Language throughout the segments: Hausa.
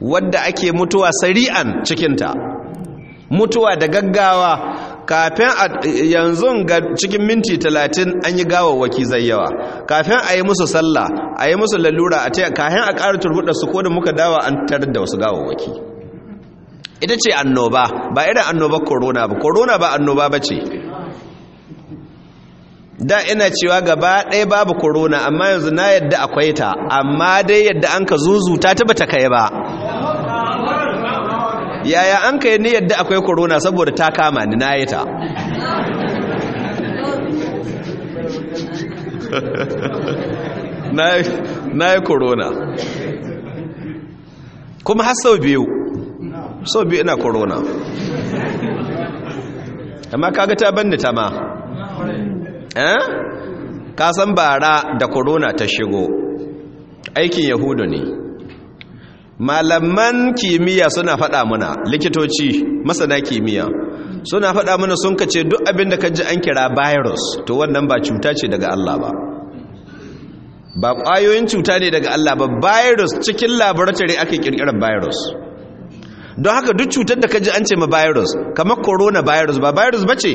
wadda ake mutuwa sari'an cikinta mutuwa da gaggawa kafin yanzu cikin minti talatin an yi waki zai yawa kafin a yi musu sallah a yi musu lalura a taya kafin a ƙara turbuɗa su ko da muka dawa an tarar da wasu waki. ita ce annoba ba irin annoba corona ba corona ba annoba ba ce da ina cewa gaba ɗaya babu corona amma yanzu na yadda akwai ta amma dai yadda an ka zuzu ta ta kai ba yaya an kai ni yadda akwai corona saboda ta kama ni na yi ta na yi corona kuma har sau biyu sau biyu ina corona amma kaga ta banda ta ma eh ka san bara da corona ta shigo aikin yahudu ne malaman kimiyya suna faɗa mana likitoci masana kimiyya suna faɗa mana sun kace duk abin da ka ji an kira virus to wannan ba cuta ce daga Allah ba ba ƙwayoyin cuta ne daga Allah ba virus cikin laboratory ake kirkira virus don haka duk cutar da ka ji an ce ma virus kamar corona virus ba virus ba ce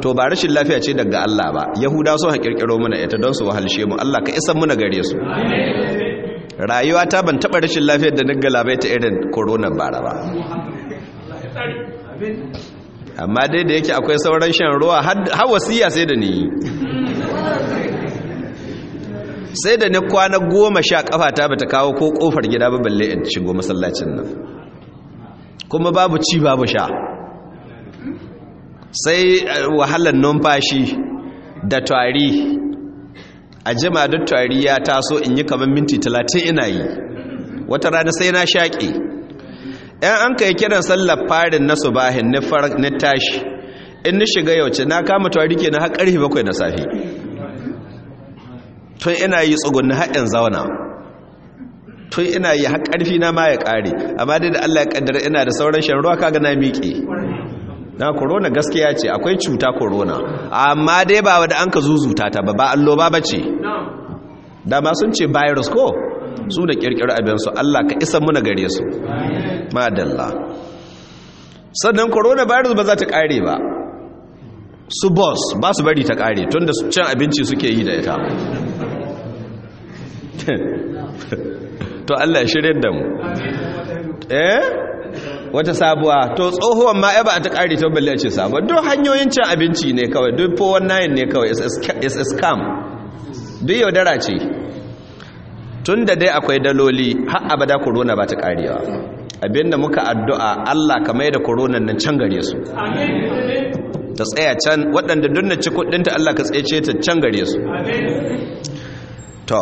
to ba rashin lafiya ce daga Allah ba yahuda sun ha kirkiro mana ita don su wahalshe mu Allah ka isa muna gare su rayuwa ta ban taba rashin lafiyar da nigga labai ta irin korona bara ba amma dai da yake akwai sauran shan ruwa har wasiya sai da ni sai da ni kwana goma sha kafata bata kawo ko kofar gida ba balle in shigo masallacin nan kuma babu ci babu sha sai eh, wahalar numfashi da tari a jima duk tari ya taso in yi kamar minti talatin ina yi wata rana sai na shaƙe ‘yan an yi kiran sallar farin na subahin na tashi in ni shiga yauce na kama tari ke na haƙar bakwai na safe tun ina yi tsugunni haɗin zauna tun ina yi haƙarfi na ma ya ƙare amma dai da allah ya ƙaddara ina da sauran shan ruwa kaga na miƙe na corona gaskiya ce akwai cuta corona amma dai ba wadda an ka zuzuta ta ba ba alloba ba ce dama sun ce virus ko su da kirkirar abinsu allah ka isa muna gare su madalla sannan corona virus ba za ta kare ba su boss ba su bari ta kare tun da cin abinci suke yi da ita to allah shirin da mu eh wata sabuwa to tsohuwan ma ya ba a ta ƙari ta balle a ce sabuwa Don hanyoyin cin abinci ne kawai duk nayin ne kawai is a scam duk yaudara ce tun da dai akwai daloli har abada korona ba ta ƙarewa abinda muka addu'a Allah ka mai da koronan nan can gare su ta tsaya can waɗanda dunna ci kuɗinta Allah ka tsaye ta can gare su to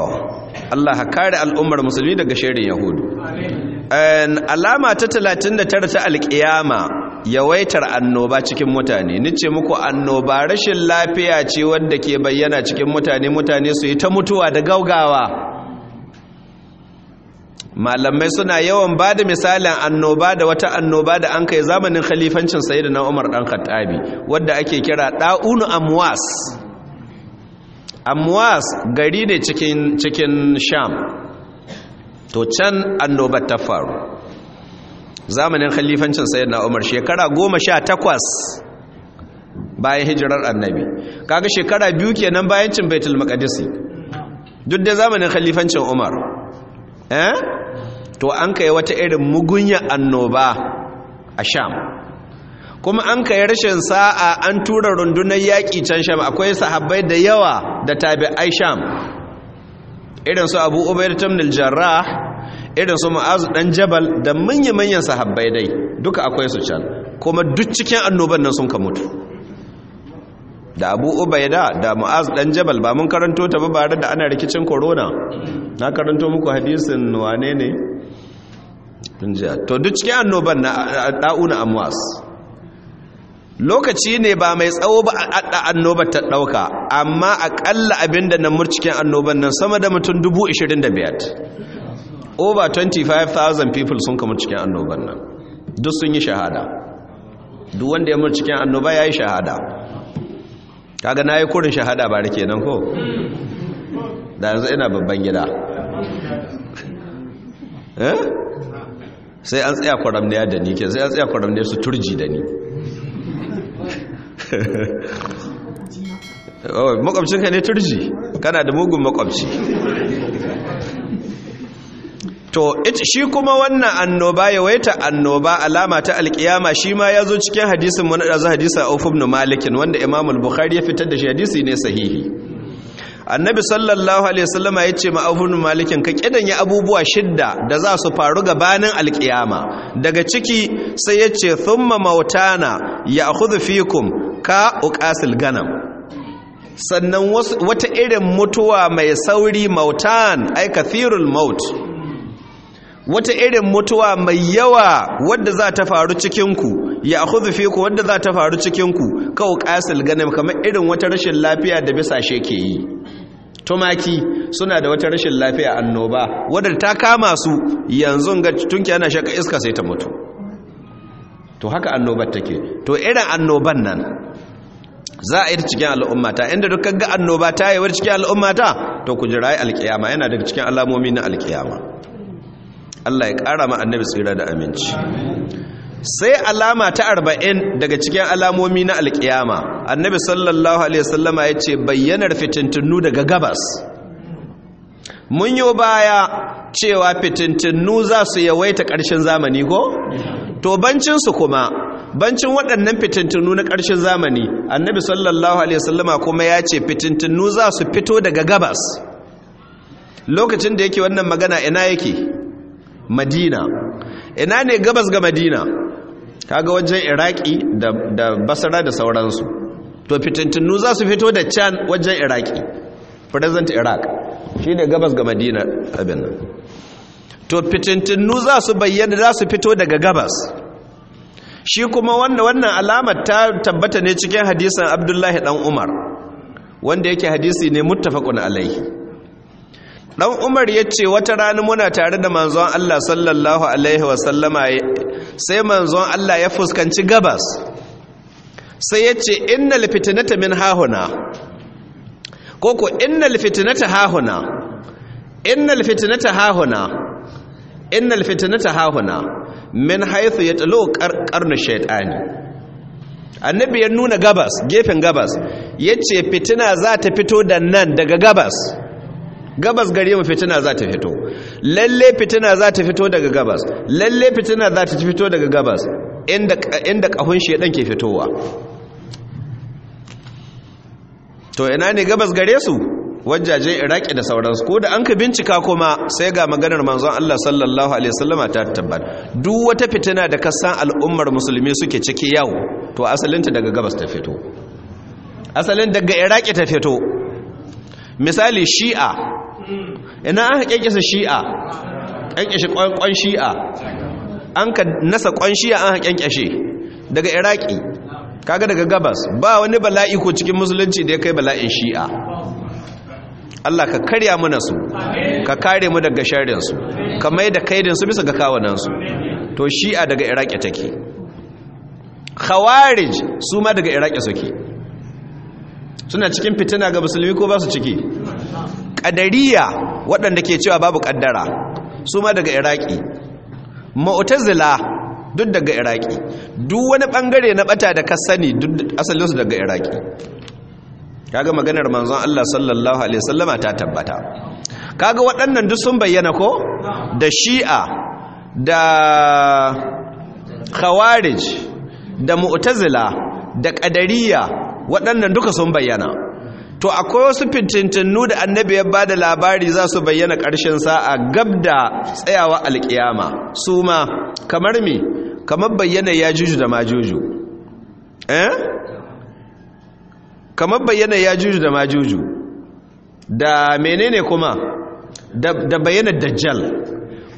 Allah ha kare al'ummar musulmi daga shirin yahudu alama ta talatin da tara ta alƙiyama yawaitar annoba cikin mutane nice muku annoba rashin lafiya ce wadda ke bayyana cikin mutane mutane su yi ta mutuwa da gaugawa malamai suna yawan ba da misalin annoba da wata annoba da an kai zamanin khalifancin na Umar dan Khattabi wadda ake kira da'unu amwas amwas gari ne cikin Sham to can annobar ta faru zamanin khalifancin sayyidina Umar shekara goma sha takwas bayan hijirar annabi kaga shekara biyu kenan bayan cin baitul duk da zamanin khalifancin Umar eh to an kai wata irin mugunya annoba a Sham kuma an kai rashin sa'a an tura rundunar yaƙi can Sham akwai sahabbai da yawa da tabi'ai Sham irin su abu ubair tamnil jarrah irin su ma'azu dan jabal da manya-manyan sahabbai dai duka akwai su can kuma duk cikin annoban nan sun ka mutu da abu ubaida da ma'azu dan jabal ba mun karanto ta ba bare da ana rikicin corona na karanto muku hadisin wane ne to duk cikin annoban na da'una amwas lokaci ne ba mai tsawo ba a annobar ta ɗauka amma aƙalla abin da na murcikin annoban nan sama da mutum 25,000 over 25,000 people sun ka murcikin annoban nan duk sun yi shahada duk wanda ya murcikin annoba ya yi shahada kaga na yi kurin shahada ba da nan ko da yanzu ina babban gida eh? sai an tsaya kwaramniya da ni ke sai an tsaya kwaramniya su turji da ni Oh, makwabcinka ne turji kana da mugun makwabci to shi kuma wannan annoba waita annoba alama ta alkiyama shi ma ya zo cikin hadisin wani ɗazu hadisa a ofin malikin wanda imamul bukhari ya fitar da shi hadisi ne sahihi annabi sallallahu alaihi wasallama ya ce ma'afun malikin ka ya abubuwa shidda da za su faru gabanin alkiyama daga ciki sai ya ce thumma mautana ya akhudhu fikum ka uƙasil ganam sannan wata irin mutuwa mai sauri mautan ai kathirul maut wata irin mutuwa mai yawa wadda za ta faru cikinku ya fi ku wadda za ta faru cikinku ka uƙasil ganam kamar irin wata rashin lafiya da bisa ke yi tumaki suna da wata rashin lafiya annoba wadda ta kama su yanzu ga tunki ana shaka iska sai ta mutu to haka annobar take to irin annoban nan za a yi cikin al'ummata inda duk ga annoba ta yi cikin al'ummata to ku jira alkiyama yana daga cikin alamomi na alkiyama Allah ya ƙara ma annabi tsira da aminci sai alama ta arba'in daga cikin alamomi na alkiyama annabi sallallahu alaihi wasallama ya ce bayyanar fitintunu daga gabas mun yi baya cewa fitintunu za su yawaita ƙarshen zamani ko? to bancinsu kuma bancin waɗannan fitintunu na ƙarshen zamani annabi sallallahu alaihi wasallama kuma ya ce fitintunu za su fito daga gabas lokacin da yake wannan magana ina yake madina ina ne gabas ga madina kaga wajen iraki da, da basara da sauransu to fitintunu za su fito da can wajen iraki present iraq shi ne gabas ga madina abin nan to fitintunu za su bayyana za su fito daga gabas shi kuma wanda wannan alamar ta tabbata ne cikin hadisan abdullahi dan umar wanda yake hadisi ne muttafaqun alaihi dan umar ya ce wata rana muna tare da manzon allah sallallahu alaihi wasallama sai manzon allah ya fuskanci gabas sai ya ce innal fitnata min hahuna koko innal fitnata hahuna innal fitnata hahuna innal fitnata hahuna min haythu yatlu qarnu shaytani annabi ya nuna gabas gefen gabas yace fitina za ta fito da nan daga gabas gabas gare mu fitina za ta fito lalle fitina za ta fito daga gabas lalle fitina za ta fito daga gabas inda inda kahun shedan ke fitowa to ina ne gabas gare su wajajen iraki da sauransu ko da an ka bincika kuma sai ga maganar manzon Allah sallallahu alaihi wasallama ta tabbata duk wata fitina da kasan al'ummar musulmi suke ciki yau to asalinta daga gabas ta fito asalin daga iraki ta fito misali shi'a ina aka kyankyasa shi'a kyankyashe kwankwan shi'a an ka nasa kwan shi'a an kyankyashe daga iraki kaga daga gabas ba wani bala'i ko cikin musulunci da ya kai bala'in shi'a Allah ka karya muna su ka kare mu daga sharrin ka mai da kaidin su bisa ga kawanan su to shi'a daga iraki take khawarij su ma daga iraki suke suna cikin fitina ga musulmi ko ba su ciki ƙadariya waɗanda ke cewa babu ƙaddara su ma daga iraki mu'tazila duk daga iraki duk wani ɓangare na bata da kasani sani duk asalinsu daga iraki kaga maganar manzon Allah sallallahu alaihi wasallama ta tabbata kaga waɗannan duk sun bayyana ko da shi'a da khawarij da mu'tazila da qadariyya waɗannan duka sun bayyana to akwai wasu fitintunnu da annabi ya bada labari za su bayyana ƙarshen sa'a gab da tsayawa alƙiyama su ma kamar me kamar bayyana yajuju da majuju eh kamar bayyana ya juju da majuju da menene kuma da bayyana dajjal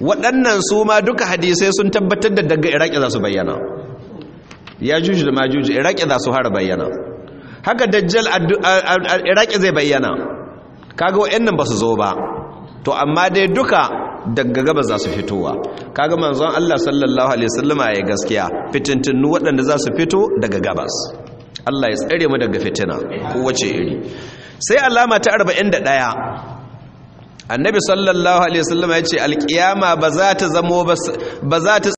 waɗannan su ma duka hadisai sun tabbatar da daga iraki za su bayyana ya juju da majuju iraki za su hara bayyana haka dajjal iraki zai bayyana kaga waɗannan ba su zo ba to amma dai duka daga gaba za su fitowa kaga manzon Allah sallallahu alaihi wasallama ya gaskiya fitintunnu waɗanda za su fito daga gabas Allah ya tsare mu daga fitina kowace iri sai alama ta 41 annabi sallallahu alaihi wasallam ya ce alkiyama ba za ta zamo ba za ta